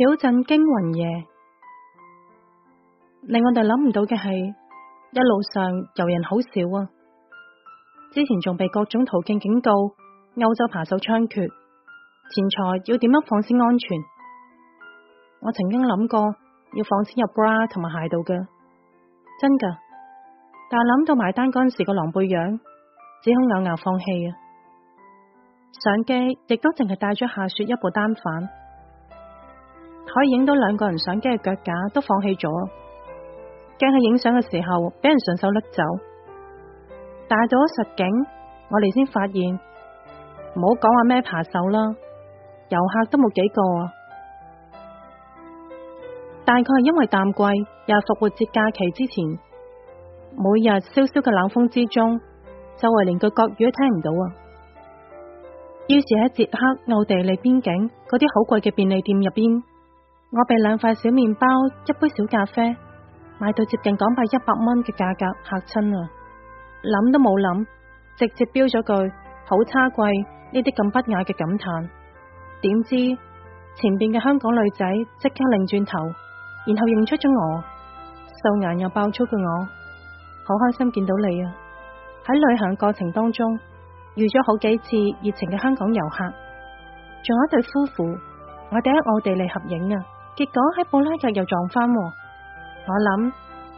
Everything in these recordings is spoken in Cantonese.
小鎮驚魂夜，令我哋諗唔到嘅係一路上遊人好少啊！之前仲被各種途徑警告歐洲扒手猖獗，錢財要點樣放先安全？我曾經諗過要放錢入 bra 同埋鞋度嘅，真噶，但諗到埋單嗰陣時個狼狽樣，只好咬牙放棄啊！相機亦都淨係帶咗下雪一部單反。可以影到兩個人相機嘅腳架都放棄咗，驚喺影相嘅時候俾人順手甩走，但係到咗實景，我哋先發現，唔好講話咩扒手啦，遊客都冇幾個啊，大概係因為淡季又係復活節假期之前，每日蕭蕭嘅冷風之中，周圍連句國語都聽唔到啊！於是喺捷克奧地利邊境嗰啲好貴嘅便利店入邊。我被兩塊小麵包、一杯小咖啡賣到接近港幣一百蚊嘅價格嚇親啊！諗都冇諗，直接標咗句好差貴呢啲咁不雅嘅感嘆。點知前邊嘅香港女仔即刻擰轉頭，然後認出咗我，素顏又爆粗嘅我，好開心見到你啊！喺旅行過程當中遇咗好幾次熱情嘅香港遊客，仲有一對夫婦，我哋喺奧地利合影啊！結果喺布拉格又撞翻，我諗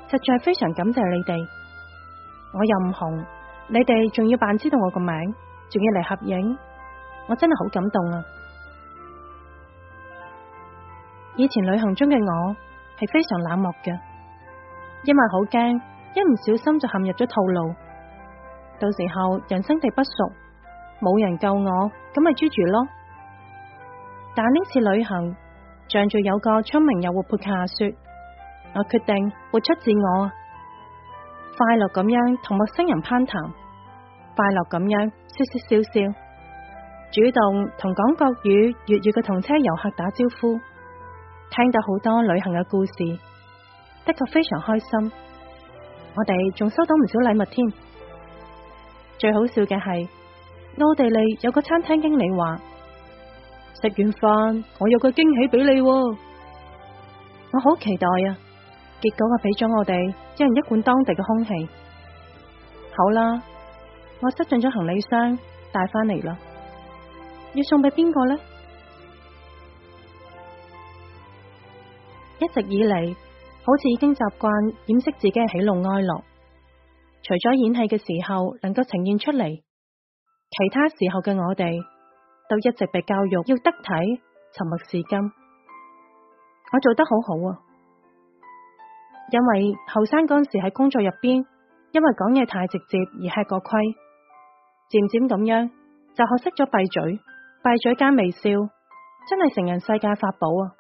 實在非常感謝你哋，我又唔紅，你哋仲要扮知道我個名，仲要嚟合影，我真係好感動啊！以前旅行中嘅我係非常冷漠嘅，因為好驚一唔小心就陷入咗套路，到時候人生地不熟，冇人救我，咁咪豬住咯。但呢次旅行，像住有個聰明又活潑嘅阿雪，我決定活出自我，快樂咁樣同陌生人攀談，快樂咁樣說說笑笑，主動同講國語粵語嘅同車遊客打招呼，聽到好多旅行嘅故事，的確非常開心。我哋仲收到唔少禮物添，最好笑嘅係奧地利有個餐廳經理話。食完飯，我有個驚喜俾你，我好期待啊！結果啊俾咗我哋一人一罐當地嘅空氣。好啦，我塞進咗行李箱帶翻嚟啦，要送俾邊個呢？一直以嚟，好似已經習慣掩飾自己嘅喜怒哀樂，除咗演戲嘅時候能夠呈現出嚟，其他時候嘅我哋。就一直被教育要得體、沉默是金。我做得好好啊，因為後生嗰陣時喺工作入邊，因為講嘢太直接而吃過虧，漸漸咁樣就學識咗閉嘴、閉嘴加微笑，真係成人世界法寶啊！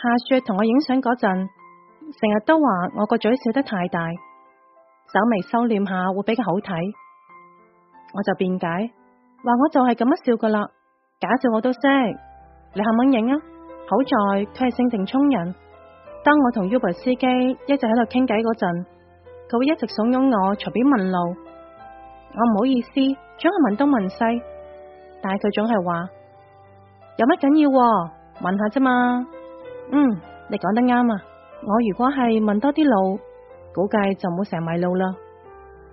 夏雪同我影相嗰陣，成日都話我個嘴笑得太大，稍微收斂下會比較好睇，我就辯解，話我就係咁樣笑噶啦。假笑我都識，你肯唔肯影啊？好在佢係性情中人，當我同 Uber 司機一直喺度傾偈嗰陣，佢會一直慫恿我隨便問路，我唔好意思，總係問東問西，但係佢總係話有乜緊要、啊，問下啫嘛。嗯，你講得啱啊，我如果係問多啲路，估計就冇成迷路啦。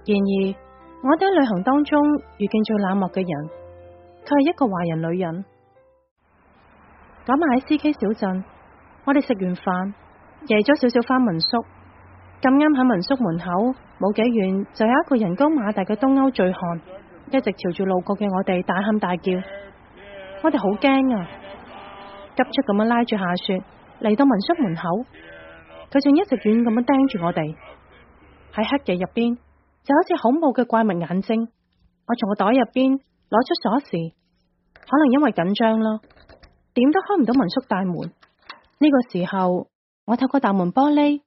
然而，我喺旅行當中遇見最冷漠嘅人。佢係一個華人女人。咁晚喺 C K 小鎮，我哋食完飯，夜咗少少翻民宿。咁啱喺民宿門口冇幾遠，就有一個人高馬大嘅東歐醉漢，一直朝住路過嘅我哋大喊大叫。我哋好驚啊！急速咁樣拉住下雪嚟到民宿門口，佢仲一直遠咁樣盯住我哋。喺黑夜入邊，就好似恐怖嘅怪物眼睛。我從個袋入邊。攞出鎖匙，可能因為緊張咯，點都開唔到民宿大門。呢個時候，我透過大門玻璃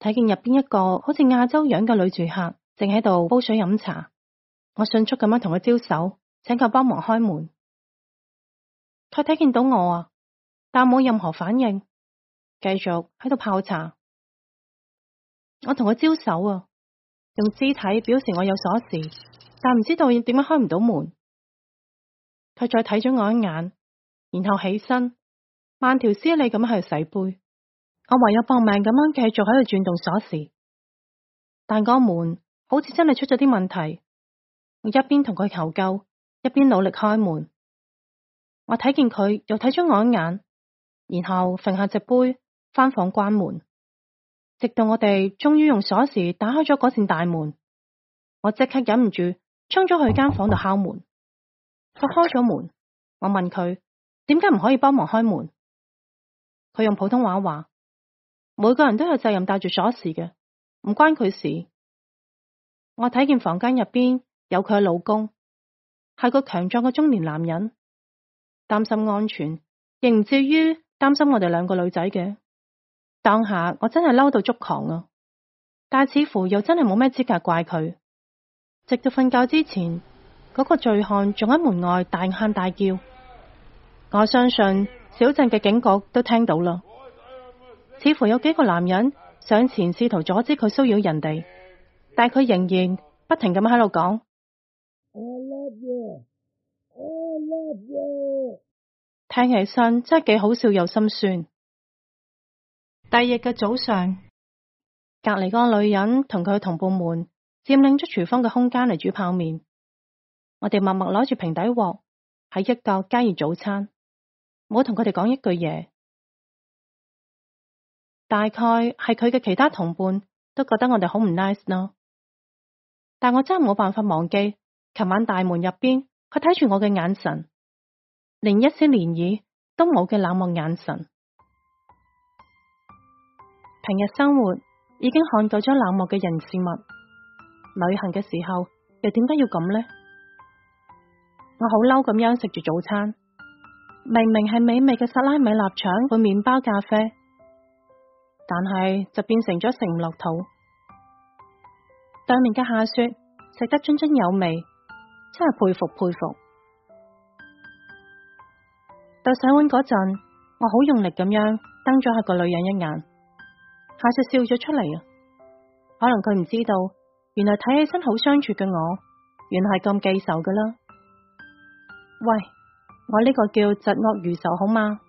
睇見入邊一個好似亞洲樣嘅女住客，正喺度煲水飲茶。我迅速咁樣同佢招手，請佢幫忙開門。佢睇見到我啊，但冇任何反應，繼續喺度泡茶。我同佢招手啊，用肢體表示我有鎖匙，但唔知道點解開唔到門。佢再睇咗我一眼，然後起身慢條斯理咁去洗杯。我唯有搏命咁樣繼續喺度轉動鎖匙，但個門好似真係出咗啲問題。我一邊同佢求救，一邊努力開門。我睇見佢又睇咗我一眼，然後揈下隻杯，翻房關門。直到我哋終於用鎖匙打開咗嗰扇大門，我即刻忍唔住衝咗去間房度敲門。佢開咗門，我問佢點解唔可以幫忙開門？佢用普通話話：每個人都有責任帶住鎖匙嘅，唔關佢事。我睇見房間入邊有佢嘅老公，係個強壯嘅中年男人，擔心安全，亦唔至於擔心我哋兩個女仔嘅。當下我真係嬲到捉狂啊！但似乎又真係冇咩資格怪佢。直到瞓覺之前。嗰個醉漢仲喺門外大喊大叫，我相信小鎮嘅警局都聽到啦。似乎有幾個男人上前試圖阻止佢騷擾人哋，但佢仍然不停咁喺度講。聽起身真係幾好笑又心酸。第二日嘅早上，隔籬個女人同佢同伴們佔領咗廚房嘅空間嚟煮泡麵。我哋默默攞住平底鑊喺一教加熱早餐，冇同佢哋講一句嘢。大概係佢嘅其他同伴都覺得我哋好唔 nice 咯。但我真係冇辦法忘記琴晚大門入邊佢睇住我嘅眼神，連一絲漣漪都冇嘅冷漠眼神。平日生活已經看夠咗冷漠嘅人事物，旅行嘅時候又點解要咁呢？我好嬲咁樣食住早餐，明明係美味嘅薩拉米臘腸配麵包、咖啡，但係就變成咗食唔落肚。對面嘅夏雪食得津津有味，真係佩服佩服。到洗碗嗰陣，我好用力咁樣瞪咗下個女人一眼，夏雪笑咗出嚟。可能佢唔知道，原來睇起身好相處嘅我，原來係咁記仇噶啦。喂，我呢個叫疾惡如仇好嗎？